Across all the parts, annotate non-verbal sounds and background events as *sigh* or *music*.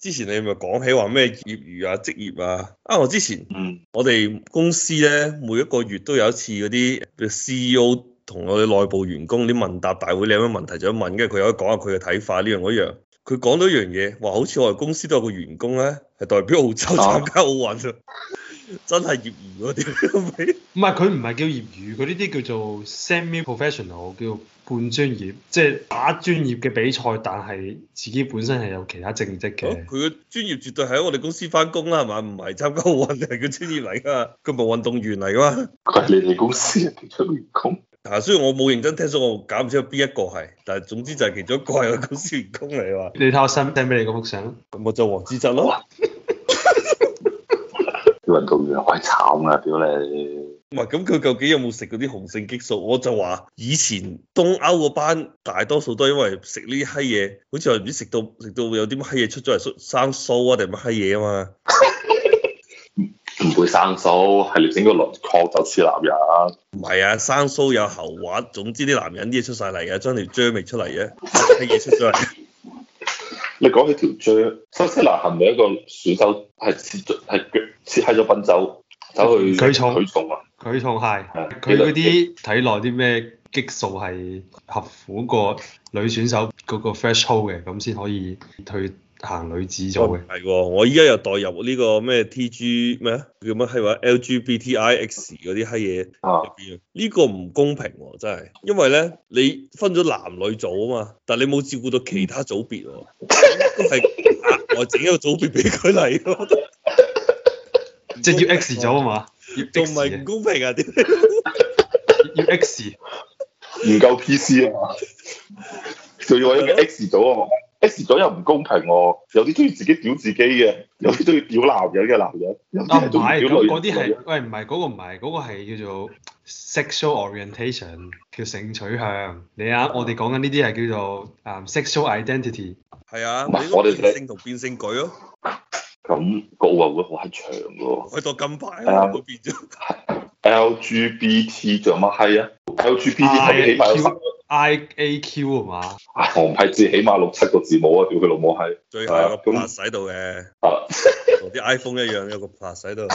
之前你咪講起話咩業餘啊、職業啊，啊我之前，嗯，我哋公司咧每一個月都有一次嗰啲 CEO 同我哋內部員工啲問答大會，你有咩問題想問，跟住佢可以講下佢嘅睇法呢樣嗰樣。佢講到一樣嘢，話好似我哋公司都有個員工咧，係代表澳洲參加奧運。真係業餘嗰、啊、啲，唔係佢唔係叫業餘，佢呢啲叫做 semi professional，叫半專業，即係打專業嘅比賽，但係自己本身係有其他正職嘅。佢嘅、哦、專業絕對係喺我哋公司翻工啦，係嘛？唔係參加奧運係佢專業嚟㗎，佢冇運動員嚟㗎。佢係你哋公司嘅員工。嗱，雖然我冇認真聽，所以我揀唔出係邊一個係，但係總之就係其中一個係我公司員工嚟。你睇我新 send 俾你嗰幅相，我就黃之澤咯。運動員好慘噶，屌你！唔係咁佢究竟有冇食嗰啲雄性激素？我就話以前東歐嗰班大多數都係因為食呢啲閪嘢，好似話唔知食到食到有啲乜閪嘢出咗嚟，生騷啊定乜閪嘢啊嘛？唔 *laughs* 會生騷，係你整個輪廓就似男人。唔係啊，生騷有喉核，總之啲男人啲嘢出晒嚟嘅，將條脷未出嚟啫，閪嘢出咗嚟。 *laughs* *laughs* 你講起條章，Susie 係咪一個選手係攝，係腳攝咗品酒走去，去，去舉重舉重啊？舉重係，佢嗰啲體內啲咩激素係合乎過個女選手嗰個 fresh hole 嘅，咁先可以退。行女子組係，我依家又代入呢個咩 T G 咩啊叫乜？係話 L G B T I X 嗰啲閪嘢入邊，呢個唔公平、啊、真係，因為咧你分咗男女組啊嘛，但你冇照顧到其他組別，都係額外整一個組別俾佢嚟，即係要 X 組啊嘛，亦都唔係唔公平啊？點要 X 唔夠 P C 啊嘛，仲要我一個 X 組啊？ *laughs* S 咗右唔公平喎，啊，有啲中意自己屌自己嘅，有啲中意屌男人嘅男人，又嗰啲係，喂唔係嗰個唔係嗰個係叫做 sexual orientation，叫性取向，你啊、嗯、我哋講緊呢啲係叫做 sexual identity，係啊，我哋變性同變性舉咯，啊，咁個奧運會好閪長喎，攞到金牌都變咗，LGBT 做乜閪啊，LGBT 起碼 I A Q 啊嘛，紅牌子起碼六七個字母，母個啊，屌佢老母閪，最後有個滑洗到嘅，同啲 iPhone 一樣有一個滑洗到。咁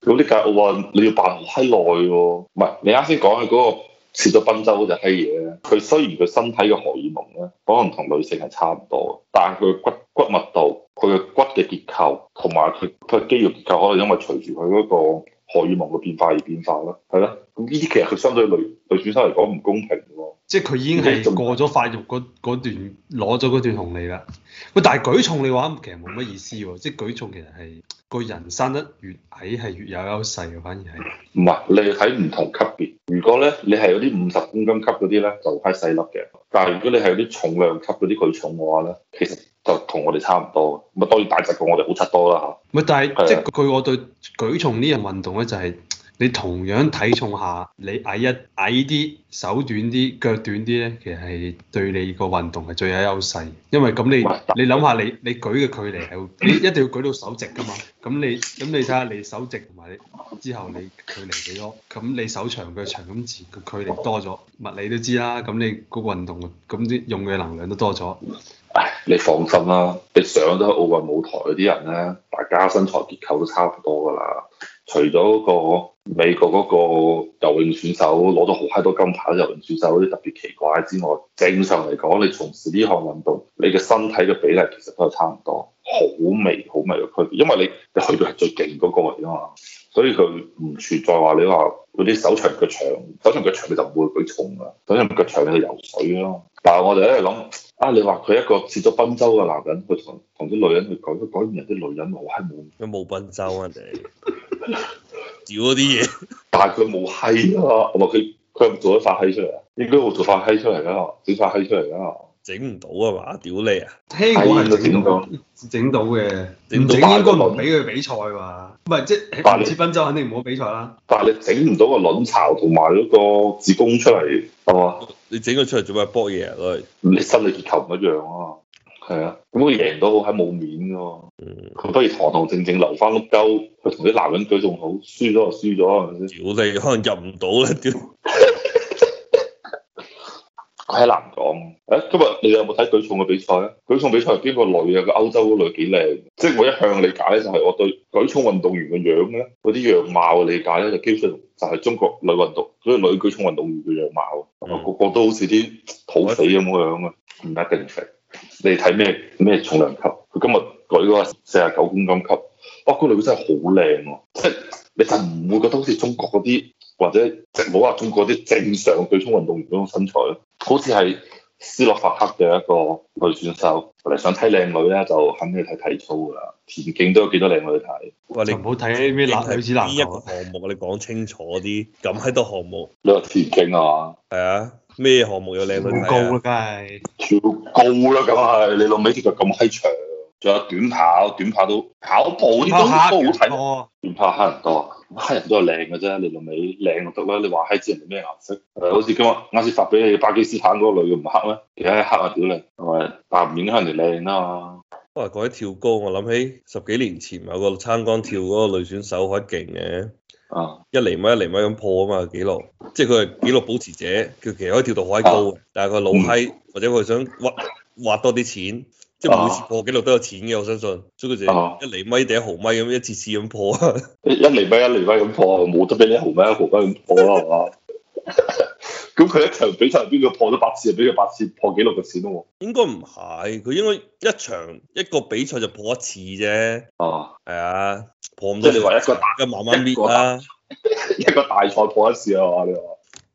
啲解奧運你要扮好閪耐喎，唔係你啱先講嘅嗰個蝕咗賓州嗰隻閪嘢，佢雖然佢身體嘅荷爾蒙咧可能同女性係差唔多，但係佢骨骨密度，佢嘅骨嘅結構同埋佢佢肌肉結構可能因為隨住佢嗰個。荷爾蒙嘅變化而變化咯，係咯，咁呢啲其實佢相對女女選手嚟講唔公平喎。即係佢已經係過咗發育嗰段攞咗嗰段紅利啦。喂，但係舉重你話其實冇乜意思喎。即係舉重其實係個人生得越矮係越有優勢嘅，反而係。唔係，你喺唔同級別。如果咧你係嗰啲五十公斤級嗰啲咧就太細粒嘅，但係如果你係有啲重量級嗰啲舉重嘅話咧，其實。就同我哋差唔多，咁啊當然大隻過我哋好七多啦嚇。咪但係即係據我對舉重呢樣運動咧，就係、是、你同樣體重下，你矮，矮一矮啲、手短啲、腳短啲咧，其實係對你個運動係最有優勢，因為咁你你諗下你你舉嘅距離係一定要舉到手直噶嘛。咁你咁你睇下你手直同埋你之後你距離幾多，咁你手長腳長咁自然距離多咗，物理都知啦。咁你嗰個運動咁啲用嘅能量都多咗。你放心啦，你上咗奧運舞台嗰啲人呢，大家身材結構都差唔多噶啦。除咗個美國嗰個游泳選手攞咗好閪多金牌，游泳選手嗰啲特別奇怪之外，正常嚟講，你從事呢項運動，你嘅身體嘅比例其實都係差唔多，好微好微嘅區別。因為你你去到係最勁嗰個位啊嘛，所以佢唔存在話你話嗰啲手長腳長，手長腳長你就唔會舉重啊。手長腳長你去游水咯。但係我哋喺度諗。啊！你話佢一個接咗賓州嘅男人，佢同同啲女人去講咗講人，啲女人好閪悶，佢冇賓州啊！你屌嗰啲嘢，但係佢冇閪啊。唔係佢佢唔做咗發閪出嚟啊？應該會做發閪出嚟啊，整發閪出嚟啊！整唔到啊嘛，屌你啊！希我係整到，整到嘅，唔整應該唔俾佢比賽嘛。唔係即係唔接分州肯定唔好比賽啦。但係你整唔到個卵巢同埋嗰個子宮出嚟係嘛？你整咗出嚟做咩搏嘢啊？佢，你生理結構唔一樣啊。係啊，咁佢贏到好喺冇面喎、啊。佢、嗯、不如堂堂正正，正留翻碌鳩，佢同啲男人舉仲好，輸咗就輸咗係咪先？屌你，可能入唔到啦屌！ *laughs* 喺南港誒，今日你有冇睇舉重嘅比賽咧？舉重比賽邊個女啊？個歐洲嗰女幾靚？即係我一向理解就係我對舉重運動員嘅樣咧，嗰啲樣貌嘅理解咧就基本上就係中國女運動，啲女舉重運動員嘅樣貌，嗯、個個都好似啲土匪咁樣啊，唔一定肥。你睇咩咩重量級？佢今日舉嗰個四十九公斤級，哇、哦！個女真係好靚喎，即係你就唔會覺得好似中國嗰啲。或者冇話通過啲正常對沖運動員嗰種身材，好似係斯洛伐克嘅一個女選手嚟。想睇靚女咧，就肯定睇體操噶啦，田徑都有幾多靚女睇？喂！你唔好睇啲咩男子籃球項目，你講清楚啲咁喺多項目。你話田徑啊？係啊，咩、啊、項目有靚女睇，跳高啦，梗係。跳高啦，梗係，你老尾條腳咁閪長。仲有短跑，短跑都跑步啲都都好睇。短跑，短跑黑人多。黑人都係靚嘅啫，你條尾靚就得啦。你話黑人係咩顏色？好、呃、似今日啱先發俾你巴基斯坦嗰個女嘅唔黑咩？其、呃、實黑但影啊，屌你，同埋唔影響人哋靚啊嘛。不過講起跳高，我諗起十幾年前有個撐杆跳嗰個女選手，好閪勁嘅。啊！一厘米、一厘米咁破啊嘛紀錄，即係佢係紀錄保持者，佢其實可以跳到好高，啊、但係佢老閪、嗯、或者佢想挖挖多啲錢。即係每次破紀錄都有錢嘅，啊、我相信即佢就一厘米定一毫米咁一次次咁破啊！ *laughs* 一厘米一厘米咁破冇得俾一毫米一毫米咁破啊嘛！咁佢 *laughs* 是吧 *laughs* 一場比賽邊個破咗八次啊？俾佢八次破紀錄嘅錢咯喎！應該唔係，佢應該一場一個比賽就破一次啫。哦，係啊，破唔到。即係你話一個大慢慢搣啦、啊，一個大賽破一次啊嘛！你話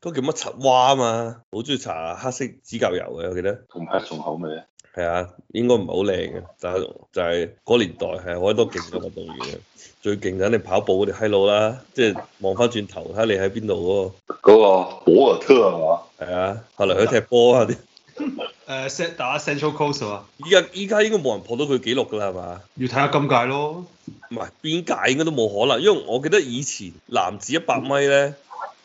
都叫乜柒蛙啊嘛？好中意搽黑色指甲油嘅，我記得同黑重口味。係啊，應該唔係好靚嘅，但係就係、是、嗰年代係好多勁嘅運動員嘅，最勁就肯定跑步嗰啲嗨佬啦，即係望翻轉頭睇下你喺邊度嗰個嗰個博爾特係嘛？係、嗯、啊，後來去踢波啊啲，誒，set 打 Central Coast 啊，依家依家應該冇人破到佢紀錄噶啦係嘛？要睇下今屆咯，唔係邊屆應該都冇可能，因為我記得以前男子一百米咧，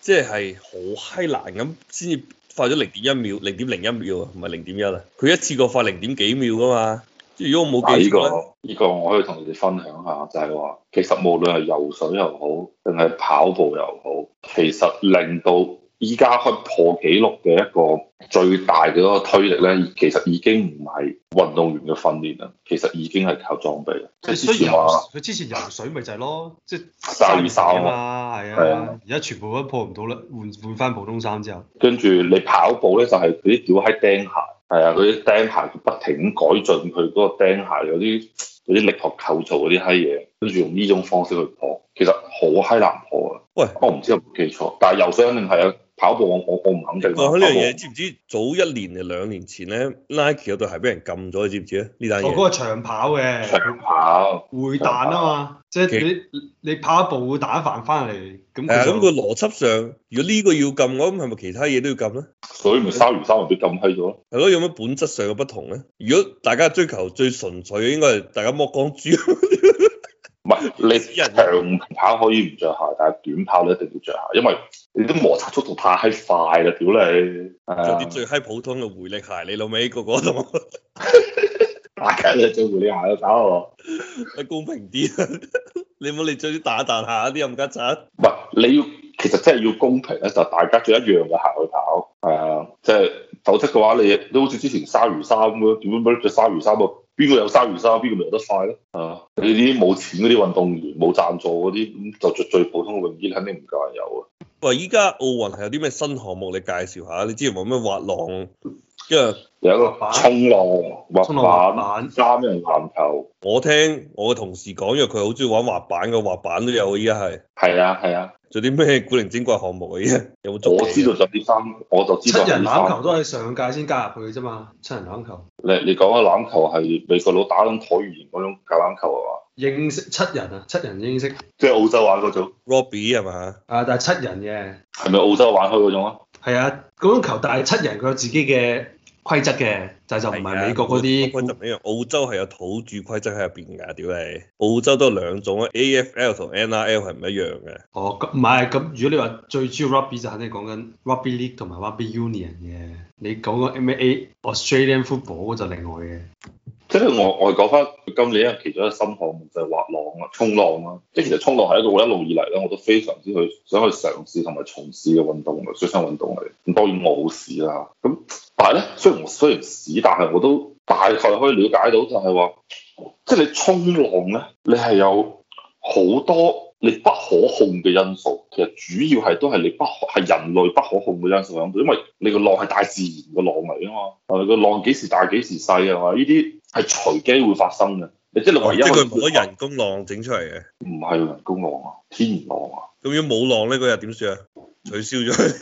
即係好嗨難咁先至。快咗零點一秒，零點零一秒啊，唔係零點一啊。佢一次過快零點幾秒噶嘛。如果我冇記錯呢、呢個呢、呢個我可以同你哋分享下，就係話，其實無論係游水又好，定係跑步又好，其實令到，依家去破紀錄嘅一個最大嘅嗰個推力咧，其實已經唔係運動員嘅訓練啦，其實已經係靠裝備。即係以之前，佢之前游水咪就係咯，即係衫啊嘛，係啊，而家、啊啊、全部都破唔到啦，換換翻普通衫之後。跟住你跑步咧，就係佢啲屌，閪釘鞋，係啊，嗰啲釘鞋不停改進佢嗰個釘鞋嗰啲啲力學構造嗰啲閪嘢，跟住用呢種方式去破，其實好閪難破啊！喂， *laughs* 我唔知有冇記錯，但係游水肯定係啊。跑步我我我唔肯定。呢樣嘢知唔知？早一年定兩年前咧，Nike 有對鞋俾人禁咗，你、哦、知唔知咧？呢單嘢。我、那、嗰個長跑嘅。長跑。會彈彈啊跑嘛，實即係你你跑一步會彈翻翻嚟。誒，咁、那個邏輯上，如果呢個要禁，我咁係咪其他嘢都要禁咧？所以咪鯊魚衫都，咪被禁批咗咯。係咯，有咩本質上嘅不同咧？如果大家追求最純粹，嘅應該係大家剝光豬 *laughs* 。唔係你長跑可以唔着鞋，但係短跑你一定要着鞋，因為。你啲摩擦速度太閪快啦！屌你，着啲最閪普通嘅回力鞋，你老味個那個都 *laughs* *laughs* ，大家你着回力鞋去跑啊，咪公平啲！你唔好你着啲打彈鞋啲咁嘅柒，唔係你要其實真係要公平咧，就是、大家着一樣嘅鞋去跑，係啊，即係否則嘅話你都好似之前鯊魚衫咁咯，點樣點樣着鯊魚衫啊？邊個有鯊魚衫，邊個咪有得快咧？啊！你啲冇錢嗰啲運動員，冇讚助嗰啲，咁就着最普通嘅泳衣，肯定唔夠人有啊！話依家奧運係有啲咩新項目，你介紹下？你之前話咩滑浪，即係有一個衝浪、滑板、三人籃球。我聽我個同事講，因為佢好中意玩滑板嘅，滑板都有依家係。係啊，係啊。啊做啲咩古靈精怪項目啊？依家有冇？我知道就啲三，我就知道三。七人籃球都係上屆先加入去啫嘛。七人籃球。你你講啊，籃球係美國佬打緊橢圓形嗰種橄欖球係嘛？認識七人啊，七人認識，即係澳洲玩嗰種 Rugby 係嘛？啊，但係七人嘅，係咪澳洲玩開嗰種啊？係啊，嗰種球但係七人佢有自己嘅規則嘅，就就唔係美國嗰啲、啊、一樣。澳洲係有土著規則喺入邊㗎，屌你！澳洲都有兩種啊，AFL 同 NRL 係唔一樣嘅。哦，咁唔係咁，如果你話最主要 Rugby 就肯定講緊 Rugby League 同埋 Rugby Union 嘅，你講個 M A A Australian Football 就另外嘅。即係我我係講翻今年其中一個新項目就係滑浪啦、啊、衝浪啦、啊。即係其實衝浪係一個我一路以嚟咧我都非常之去想去嘗試同埋從事嘅運動嘅水上運動嚟。當然我冇試啦。咁但係咧，雖然我雖然冇試，但係我都大概可以了解到就係話，即係你衝浪咧，你係有好多。你不可控嘅因素，其實主要係都係你不係人類不可控嘅因素響度，因為你個浪係大自然嘅浪嚟啊嘛，係咪個浪幾時大幾時細啊嘛？呢啲係隨機會發生嘅，即係你唯一。佢唔係人工浪整出嚟嘅。唔係人工浪啊，天然浪啊。咁樣冇浪呢？嗰日點算啊？取消咗。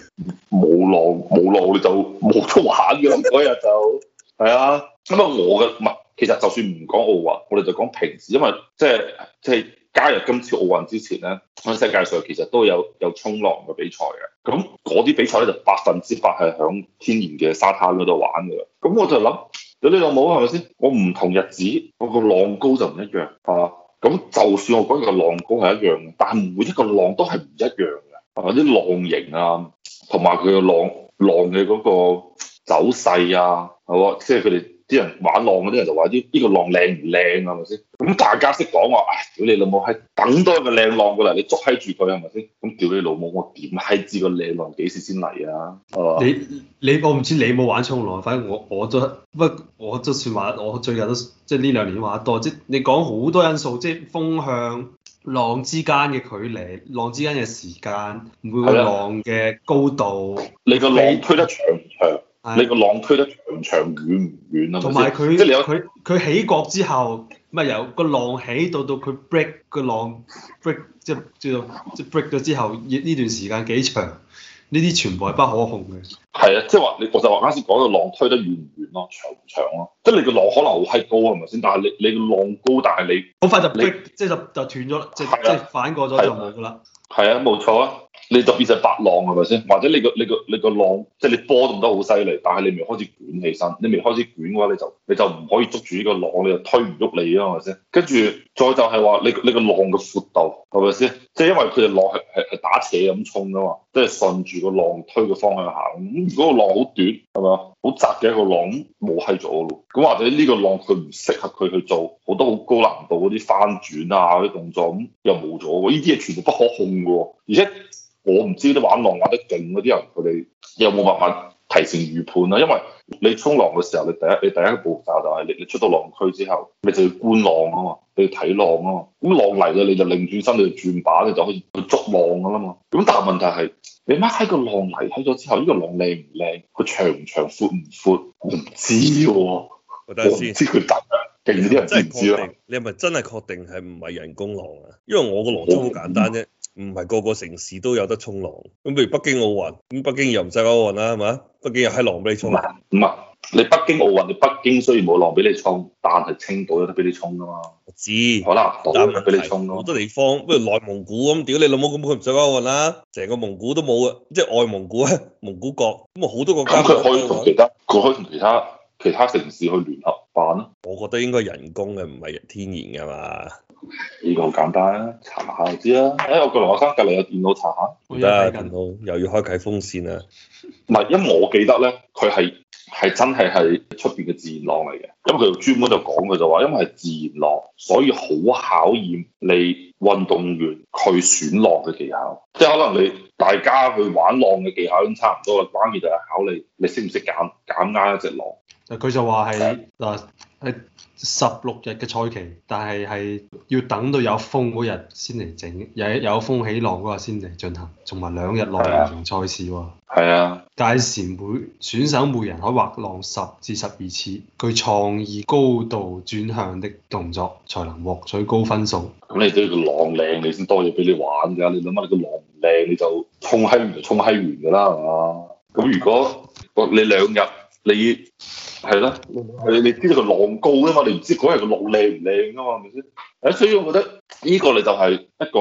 冇浪冇浪，我哋就冇得玩嘅。嗰日就係啊。咁啊，我嘅唔係，其實就算唔講奧運，我哋就講平時，因為即係即係。就是加入今次奧運之前咧，喺世界上其實都有有衝浪嘅比賽嘅。咁嗰啲比賽咧就百分之百係喺天然嘅沙灘嗰度玩嘅。咁我就諗有啲有母係咪先？我唔同日子我，浪、啊、我個浪高就唔一樣，係嘛？咁就算我嗰日嘅浪高係一樣，但係每一個浪都係唔一樣嘅，或啲浪型啊，同埋佢嘅浪、啊、浪嘅嗰個走勢啊，即係佢哋。就是啲人玩浪嗰啲人就話：啲呢個浪靚唔靚啊？咪先？咁大家識講話，屌你老母閪，等多一個靚浪過嚟，你捉閪住佢係咪先？咁屌你老母，我點閪知個靚浪幾時先嚟啊？你你我唔知你冇玩衝浪，反正我我都不我都算玩，我最近都即係呢兩年玩得多。即係你講好多因素，即係風向、浪之間嘅距離、浪之間嘅時間、每個浪嘅高度、的你個浪推得長唔長？你個浪推得長長遠唔遠啊？同埋佢，佢佢起角之後，咪由個浪起到到佢 break 個浪 break，即係知道即 break 咗之後，呢段時間幾長？呢啲全部係不可控嘅。係啊，即係話你我就話啱先講到浪推得遠唔遠咯，長唔長咯？即係你個浪可能好閪高係咪先？但係你你個浪高，但係你好快就 break，即係你就就斷咗，即係即係反過咗就係㗎啦。係啊，冇錯啊。你就變成白浪係咪先？或者你個你個你個浪，即係你波動得好犀利，但係你未開始捲起身，你未開始捲嘅話，你就你就唔可以捉住呢個浪，你就推唔喐你啊，係咪先？跟住再就係話你你個浪嘅闊度係咪先？即係因為佢哋浪係係係打斜咁衝㗎嘛，即係順住個浪推嘅方向行。咁如果個浪好短係咪？好窄嘅一個浪，冇閪咗咯。咁或者呢個浪佢唔適合佢去做好多好高難度嗰啲翻轉啊嗰啲動作，咁又冇咗喎。依啲嘢全部不可控嘅，而且。我唔知啲玩浪玩得勁嗰啲人，佢哋有冇辦法提前預判啊？因為你衝浪嘅時候，你第一你第一步驟就係你你出到浪區之後，你就要觀浪啊嘛，你要睇浪啊嘛。咁浪嚟咗，你就轉身，你就轉把，你就可以去捉浪噶啦嘛。咁但係問題係，你乜喺個浪嚟起咗之後，呢個浪靚唔靚，佢長唔長、闊唔闊，我唔知喎。我等先。唔知佢點，勁啲人知唔知啊？ *laughs* 知你係咪真係確定係唔係人工浪啊？因為我個邏輯好簡單啫，啊。唔係個個城市都有得衝浪，咁譬如北京奧運，咁北京又唔使搞奧運啦，係嘛？北京又閪浪俾你衝啊？唔係，你北京奧運，你北京雖然冇浪俾你衝，但係青島有得俾你衝噶嘛？我知，好啦了，但係不好多地方，不如內蒙古咁，屌你老母，咁佢唔使搞奧運啦，成個蒙古都冇啊！即係外蒙古啊，蒙古國，咁啊好多個。咁佢可以同其他，佢可以同其他其他城市去聯合辦。我覺得應該人工嘅，唔係天然嘅嘛。呢個好簡單，查下就知啦。喺、哎、我個羅生隔離有電腦，查下得啊！電腦又要開啟風扇啦。唔係，因為我記得咧，佢係係真係係出邊嘅自然浪嚟嘅。因為佢專門就講佢就話，因為係自然浪，所以好考驗你運動員去選浪嘅技巧。即係可能你大家去玩浪嘅技巧已經都差唔多嘅，關鍵就係考你你識唔識揀揀啱一隻浪。佢就話係嗱係十六日嘅賽期，但係係要等到有風嗰日先嚟整，有有風起浪嗰日先嚟進行，同埋兩日內完成賽事喎。係啊，屆時每選手每人可以滑浪十至十二次，具創意高度轉向的動作，才能獲取高分數。咁你都要個浪靚，你先多嘢俾你玩㗎。你諗下，你個浪唔靚，你就衝閪完，衝閪完㗎啦，係嘛？咁如果你兩日？你係啦，你你知道個浪高啫嘛，你唔知嗰日個浪靚唔靚噶嘛，係咪先？誒，所以我覺得呢個你就係一個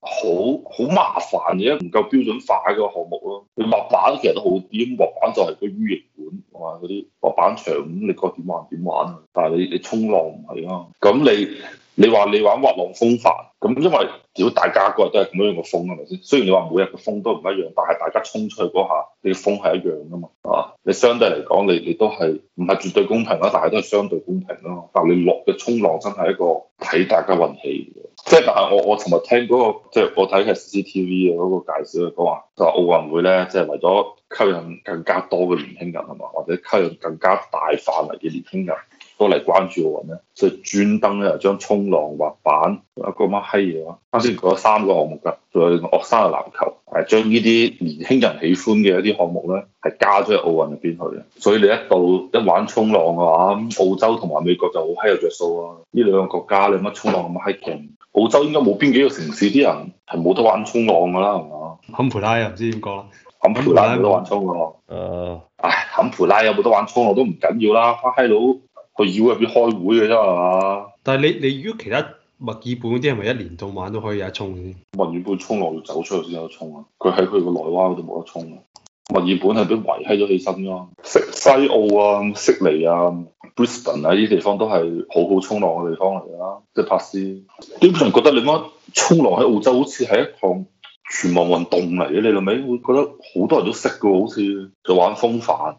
好好麻煩嘅，唔夠標準化嘅項目咯。滑板其實都好啲，滑板就係個 U 型管同埋嗰啲滑板場咁，你覺得點玩點玩但？但係你你衝浪唔係啊，咁你。你話你玩滑浪風帆咁，因為如果大家嗰日都係咁樣嘅風，係咪先？雖然你話每日嘅風都唔一樣，但係大家衝出去嗰下，你風係一樣噶嘛？啊，你相對嚟講，你你都係唔係絕對公平咯？但係都係相對公平咯。但係你落嘅衝浪真係一個睇大家運氣嘅，即係但係我我尋日聽嗰個即係我睇嘅 CCTV 嘅嗰個介紹，佢講話就話奧運會咧，即係為咗吸引更加多嘅年輕人吖嘛，或者吸引更加大範圍嘅年輕人，都嚟關注奧運咧，所以專登咧就將衝浪滑板一個乜閪嘢啊！啱先講三個項目㗎，仲有學生嘅籃球，係將呢啲年輕人喜歡嘅一啲項目咧，係加咗入奧運入邊去。所以你一到一玩衝浪嘅話，咁澳洲同埋美國就好閪有著數啊！呢兩個國家你乜衝浪咁閪勁，澳洲應該冇邊幾個城市啲人係冇得玩衝浪㗎啦，係嘛？坎培拉又唔知點講啦，坎培拉有冇得玩衝浪？誒、呃，唉，坎培拉有冇得玩衝浪都唔緊要啦，花閪佬！個議會入邊開會嘅啫嘛，但係你你如果其他墨爾本啲係咪一年到晚都可以有得衝嘅？墨爾本衝浪要走出去先有得衝啊，佢喺佢個內灣嗰度冇得衝啊。墨爾本係俾圍起咗起身咯。西西澳啊、悉尼啊、Brisbane 啊呢啲地方都係好好衝浪嘅地方嚟啦，即係柏斯。基本上覺得你乜沖浪喺澳洲好似係一項全民運動嚟嘅，你明唔明？會覺得好多人都識嘅喎，好似就玩風帆。